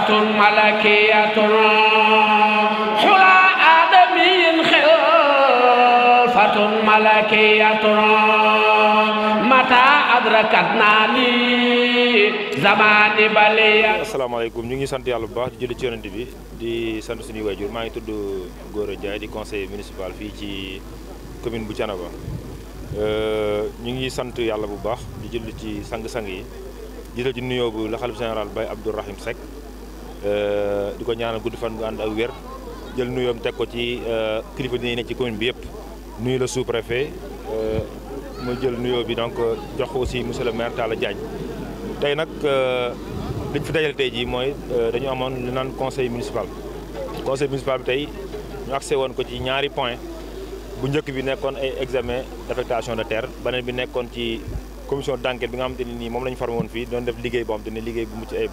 Fatun malakiyatun Hula adamiyin khil Fatun malakiyatun Mata Zamani Assalamualaikum, nyungi santi alubah di julli ci di santu sini wajur ma itu du Gora di konsey municipal Fiji. Kemin Bucana ba Nyungi euh Alubah di julli sang sang bu la bay sek Euh, di ko ñaanal gudd fan gu ànd ak wér jël nuyoom teg ko ci euh, kilifa dinañ nekk ci commune bi yëpp nuyu la sous préfet euh, mu jël nuyoo bi donc jox ko aussi monsieur le maire Talla tey nag liñ fi dajale tey jii mooy dañu amoon lu naan conseil municipal conseil municipal bi tey ñu accès woon ko ci ñaari point bu njëkk bi nekkoon ay examen d'affectation de terre beneen bi nekkoon ci commission d'enquête bi nga xamante ne nii moom la ñu woon fii doon def liggéey boo xamante ne bu mucc ayib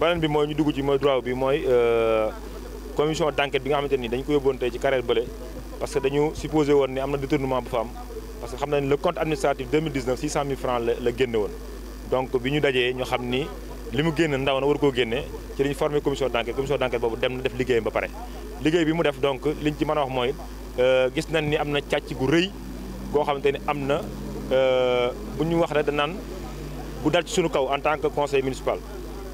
beneen bi mooy ñu dugg ci mooy droit bi mooy euh, commission d'enquête bi nga xamante ni dañ ko yóbboon tey ci carré bële parce que dañu supposé woon ni am na détournement bu fa am parce que xam nañ le compte administratif 2019 600 000 francs la génne woon donc bi ñu dajee ñu xam ni li mu génn ndaw na war koo génnee ci li ñu formé commission d'enquête commission d'enquête boobu dem na def liggéeyam ba pare liggéey bi mu def donc liñ ci mën a wax mooy euh, gis nañ ni am na càcc gu rëy goo xamante ni am na euh, bu ñu wax rek danaan bu dal ci kaw en tant que conseil municipal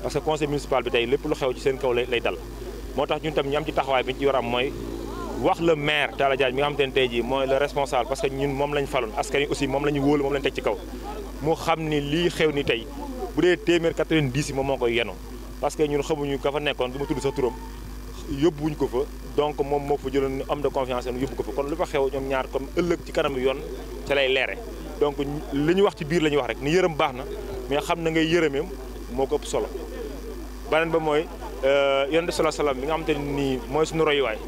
parce que conseil municipal bi tey lépp lu xew ci seen kaw lay dal moo tax ñun tam ñu am ci taxawaay bi ñu ci war mooy wax le maire Talla Diagne mi nga xam te tey jii mooy le responsable parce que ñun moom lañ faloon askan yi aussi moom la ñu wóolu moom lañ teg ci kaw mu xam ni lii xew ni tey bu dee téeméer 90 yi moom moo ko yenu parce que ñun xamuñu ka fa nekkoon du ma tudd sax turam yóbbuwuñ ko fa donc moom moo fa jëloon homme de confiance am yóbbu ko fa kon lu fa xew ñaar comme ëllëg ci kanam yoon ca lay leere li ñu wax ci biir la ñuy wax rek ni yërëm baax na mais xam na ngay yërëmeem moo ko solo beneen ba mooy euh, yonent bi sallallahu alayhi wasallam bi nga xamante ne nii mooy suñu royuwaay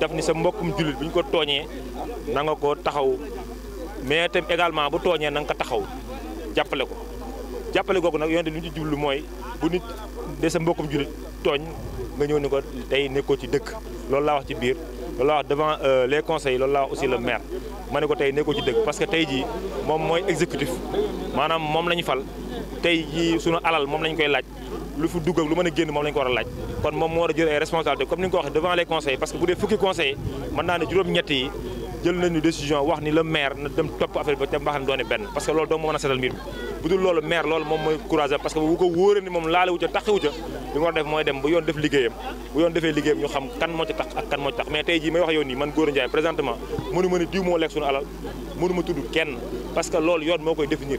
daf ni sa mbokkum jullit bu ñu ko tooñee na nga ko taxaw mais tam également bu tooñee na nga ko taxaw jàppale ko jàppale googu nag yonent bi li ñu ci jublu mooy bu nit de sa mbokkum jullit tooñ nga ñëw ni ko tey nekkoo ci dëkk loolu laa wax ci biir loolu laa wax devant euh, les conseil loolu laa wax aussi le maire ma ne ko tey nekkoo ci dëkk parce que tey jii moom mooy exécutif maanaam moom la ñu fal tey jii sunu alal moom la koy laaj lu foot dougal ak lu mën a génn moom la ñu ko war laaj kon moom moo war ay comme ni ko devant les conseils parce que bu dee fukki conseil mën naa ne juróom-ñett yi jël nañu décision wax ni le maire na dem top affaire ba te mbaax na doone benn parce que lors doo moo mën a setal mbir mi bu dul maire lors mon mooy courage parce que bu ko wóoree ni mon laale wu ca taxi wu ca li mu war a def mooy dem bu yoon def liggéeyam bu yoon defee liggéeyam ñu xam kan moo ci tax ak kan moo ci tax mais tey jii may wax yow nii man Gora Ndiaye présentement mënu ma ni diw moo lekk suñu alal mënu ma tudd kenn parce que loolu yoon moo koy définir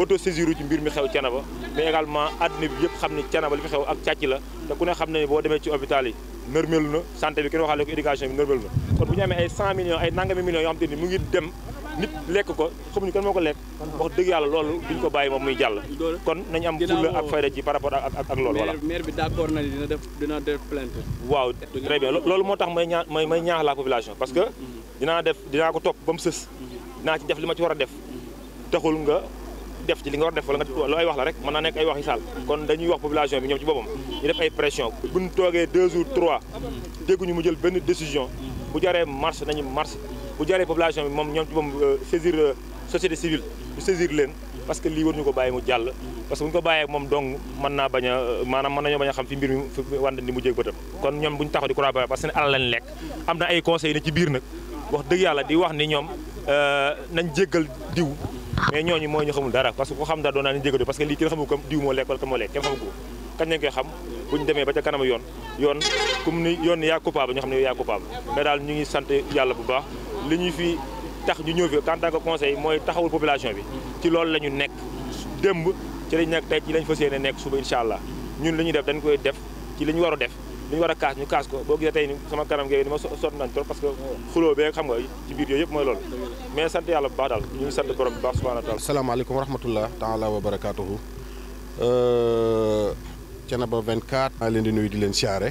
autosaisir ci mbir mi xew Thiénaba mais également àddina bi yëpp xam ni Thiénaba li fi xew ak càcc la te ku ne xam ne boo demee ci hôpital yi nërmelu na santé bi kenn waxaale ko éducation bi nërmelu na kon bu ñu amee ay 100 millions ay nangami millions yoo xam te ni mu ngi dem nit lekk ko xamuñu kan moo ko lekk wax dëgg yàlla loolu duñ ko bàyyi moom muy jàll kon nañu am fulla ak fayda ci par rapport ak loolu voilà maire waaw très bien loolu moo tax may ñaax may may ñaax la population parce que mm-hmm. dinaa def dinaa ko topp ba mu sës dinaa li ma ci war a def taxul def ci li nga war def wala nga wax la rek mën naa nekk ay wax yi saal kon dañuy wax population bi ñoom ci boppam ñu def ay pression buñ toogee deux jours trois dégguñu mu jël benn décision bu jaree marche nañu marche bu jaree population bi moom ñoom ci boppam euh, saisir euh, société civile bu saisir leen parce que lii war ñu ko bàyyi mu jàll parce que bu ñu ko bàyyee moom dong mën naa bañ a euh, maanaam mën nañoo bañ a xam fi mbir mi fi wànd ni mu jéeg bëtam kon ñoom bu ñu am na ay conseils ne ci biir mais ñooñu mooy ñu xamul dara parce que ku xam dara doon naa ni jégado parce que lii kenn xamul ko diw moo lekk ba ca kanam yoon yoon comme ni yoon ni yaa coupable ñu xam ne yaa coupable mais ñu ngi sant yàlla bu baax ñu fi tax ñu ñëw fi en que conseil mooy taxawul population bi ci loolu la ñu nekk démb ci lañ nekk tey ci lañ nekk suba incha allah ñun li ñuy def dañ koy def ci li ñu war a def lu ñu war a kaas ñu kaas ko boo gisee tey sama kanam gi ni ma sot nañ trop parce que xuloo bee xam nga ci biir yooyu yëpp badal. loolu mais sant yàlla bu baax daal ñu ngi borom subhanahu wa taala asalaamaaleykum wa rahmatullah taala wa barakatuhu Thiénaba eh, 24 maa leen di nuyu di leen siyaare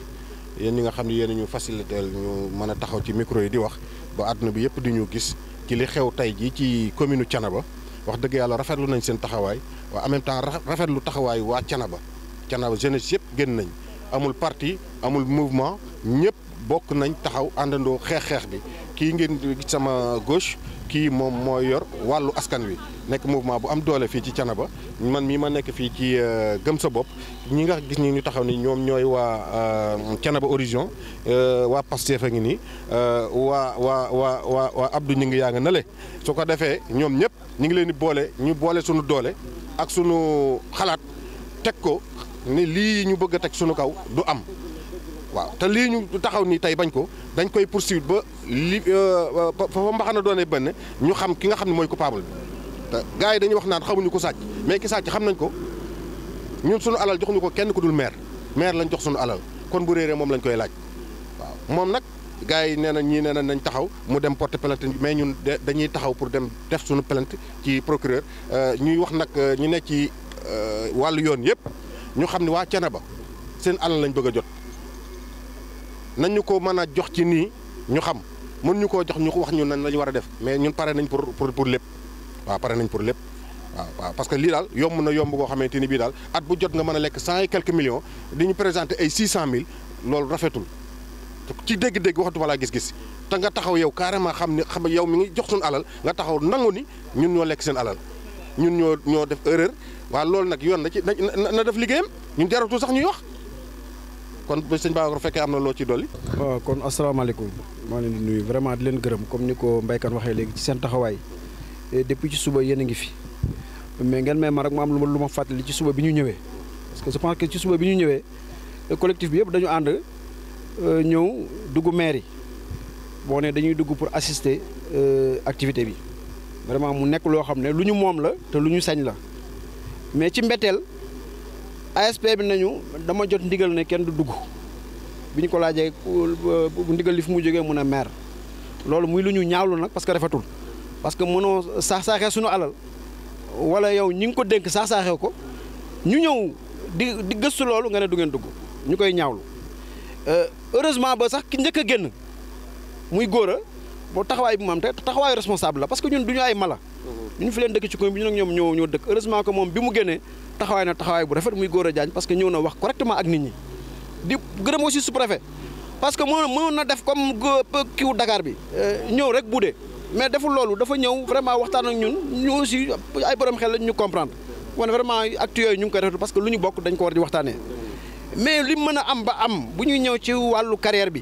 yéen ñi nga xam ne ñu facilité ñu mën taxaw ci micro yi di wax ba àdduna bi yëpp di ñu gis ci li xew tey ji ci commune Thiénaba wax dëgg yàlla rafetlu nañ seen taxawaay wa en même temps rafetlu taxawaay waa Thiénaba Thiénaba jeunesse nañ amul parti amul mouvement ñep bokk nañ taxaw andando xex xex bi ki ngeen sama gauche qui moom moo yor askan wi nek mouvement bu am doole fi ci Thiénaba man mi ma nek fi ci euh, gëm sa bop ñi gis ñu taxaw ni ñoom ñooy waa euh, Thiénaba Horizon euh, wa Pastef a ngi nii wa wa wa wa wa Abdou ngi ya nga nale su ko defee ñoom ñëpp ngi leen di ñu bolé suñu doole ak suñu xalat tek ko ni lii ñu bëgg a teg suñu kaw du am waaw te lii ñu taxaw nii tey bañ ko dañ koy poursuivre ba li euh, fa mbaxana doone benn ñu xam ki nga xam ne mooy coupable bi te gars yi dañuy wax naan xamuñu ko sàcc mais ki sàcc xam nañ ko ñun sunu alal joxuñu ko kenn ku dul meer maire lañ jox suñu alal kon bu réeree moom lañ koy laaj waaw moom nag gars yi nee na ñii nee na nañ taxaw mu dem porter plainte mais ñun dañuy taxaw pour dem def sunu plainte ci procureur euh, ñuy wax nag euh, ñu ne ci wàllu yoon yëpp ñu xam ne waa ba seen alal lañ bëgg a jot nañ ñu ko mën a jox ci nii ñu xam mën ñu koo jox ñu ko wax ñu nan lañu war a def mais ñun pare nañ pour pour pour lépp waaw pare nañ pour lépp waaw waaw parce que lii daal yomb na yomb koo xamante ni bii daal at bu jot nga mën a lekk cent et quelques millions di ñu présenté ay six cent mille loolu rafetul ci dégg-dégg waxtu wala gis-gis te nga taxaw yow carrément xam ni xam yow mi ngi jox suñu alal nga taxaw nangu ni ñun ñoo lekk seen alal ñun ñoo ñoo def erreur waaw loolu nag yoon na ci na def liggéeyam ñu jaratul sax ñuy wax kon sëñ Babacar fekkee am na loo ci dolli. kon asalaamaaleykum maa leen di nuyu vraiment di leen gërëm comme ni ko mbaykan waxee léegi ci seen taxawaay eh, depuis ci suba yéen a ngi fi mais ngeen may ma rek mu am lu ma lu ma fàttali ci suba bi ñu ñëwee parce que je pense que ci suba bi ñu ñëwee eh, collectif bi yëpp dañu ànd eh, ñëw dugg mairie boo ne dañuy dugg pour assister activité bi. vraiment mu nekk loo xam ne lu ñu moom la te lu ñu sañ la mais ci mbetteel ASP bi nañu dama jot ndigal ne kenn du dugg bi ñu ko laajee ndigal li fu mu jógee mun a meer loolu muy lu ñu ñaawlu nag parce que rafetul parce que mënoo saax saaxee suñu alal wala yow ñi ngi ko dénk saax saaxee ko ñu ñëw di nga ne du ngeen ñu koy ñaawlu euh, heureusement ba sax ki njëkk a génn muy góor a boo taxawaay bi mu am te taxawaayu responsable la parce que ñun du ñu ay mala mhm. ñu fi leen dëkk ci commune bi ñu nag ñoom ñoo ñoo dëkk heureusement que moom bi mu génnee taxawaay na taxawaay bu rafet muy Gora Diagne parce que ñëw na wax correctement parce que mënoon na def comme kiw Dakar bi euh, ñëw rek bu dee mais deful loolu dafa ñëw vraiment waxtaan ak ñun ñu aussi ay borom xel lañ ñu comprendre wane vraiment actes yooyu ñu ngi koy def parce que lu ñu bokk dañ ko war di waxtaanee mais li mën a am ba am bu ñuy ñëw ci wàllu carrière bi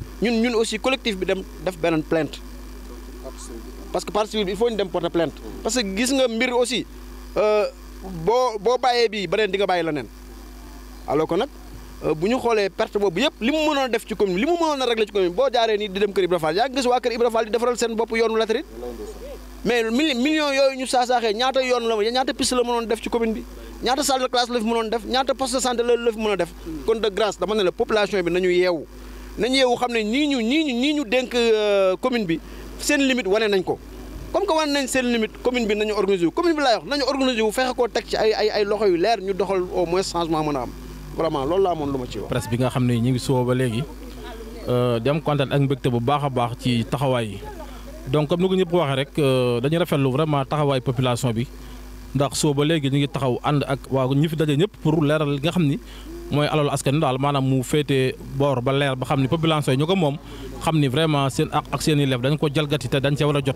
ñun ñun aussi collectif bi dem def beneen plainte parce que partie bi il faut ñu dem porter plainte parce que gis nga mbir aussi euh, boo boo bàyyee bii beneen di nga bàyyi leneen alors que nag euh, bu ñu xoolee perte boobu yëpp li mu mënoon def ci commune li mu mënoon a régler ci commune boo jaaree nii di dem kër Ibra yaa ngi gis waa kër Ibra di defaral seen bopp yoonu latérite mais millions yooyu ñu saasaaxee ñaata yoon la ñaata piste la def ci commune bi ñaata salle de classe la mënoon bi nañu yeewu nañ yeewu xam ne ñii ñu ñii ñu ñii ñu denk euh, commune bi seen limite wane nañ ko comme que wane nañ seen limite commune bi nañu organiser wu commune bi laay wax nañu organiser wu fexe koo teg ci ay ay ay loxo yu leer ñu doxal au moins changement mën a am vraiment loolu laa amoon lu ma ci wax. presse bi nga xam ne ñu ngi suba ba léegi euh, dem kontaan ak mbégte bu baax a baax ci taxawaay yi donc comme ni ko ñëpp waxee rek euh, dañu rafetlu vraiment taxawaay population bi. ndax soo ba léegi ñu ngi taxaw ànd ak waa ñi fi dajee ñëpp pour leeral li nga xam ni mooy alalu askan daal maanaam mu féetee boor ba leer ba xam ni population yi ñu ko moom xam ni vraiment seen ak ak seen i leef dañ ko jalgati te dañ cee war a jot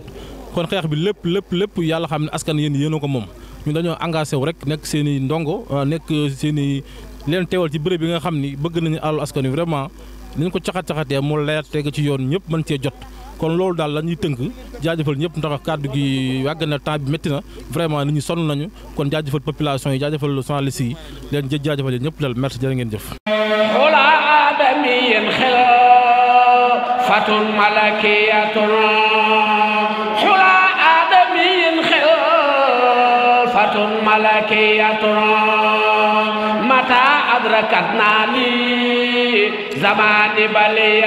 kon xeex bi lépp lépp lépp yàlla xam ne askan yéen yéen ko moom ñu dañoo engagé wu rek nekk seeni ndongo euh, nekk seen i leen teewal ci béréb bi nga xam ni bëgg nañu alalu askan wi vraiment ni ñu ko caxat caxatee mu leer teg ci yoon ñëpp mën cee jot kon loolu daal la ñuy tënk jaajëfal ñëpp ndax kàddu gi yàgg na temps bi metti na vraiment nit ñi sonn nañu kon jaajëfal population yi jaajëfal journaliste yi leen jë jaajëfal yéen ñëpp daal merci jërë ngeen jëf fatun malakiyatun xula aadamiyin xel fatun malakiyatun mata adrakat naa li zamani baliya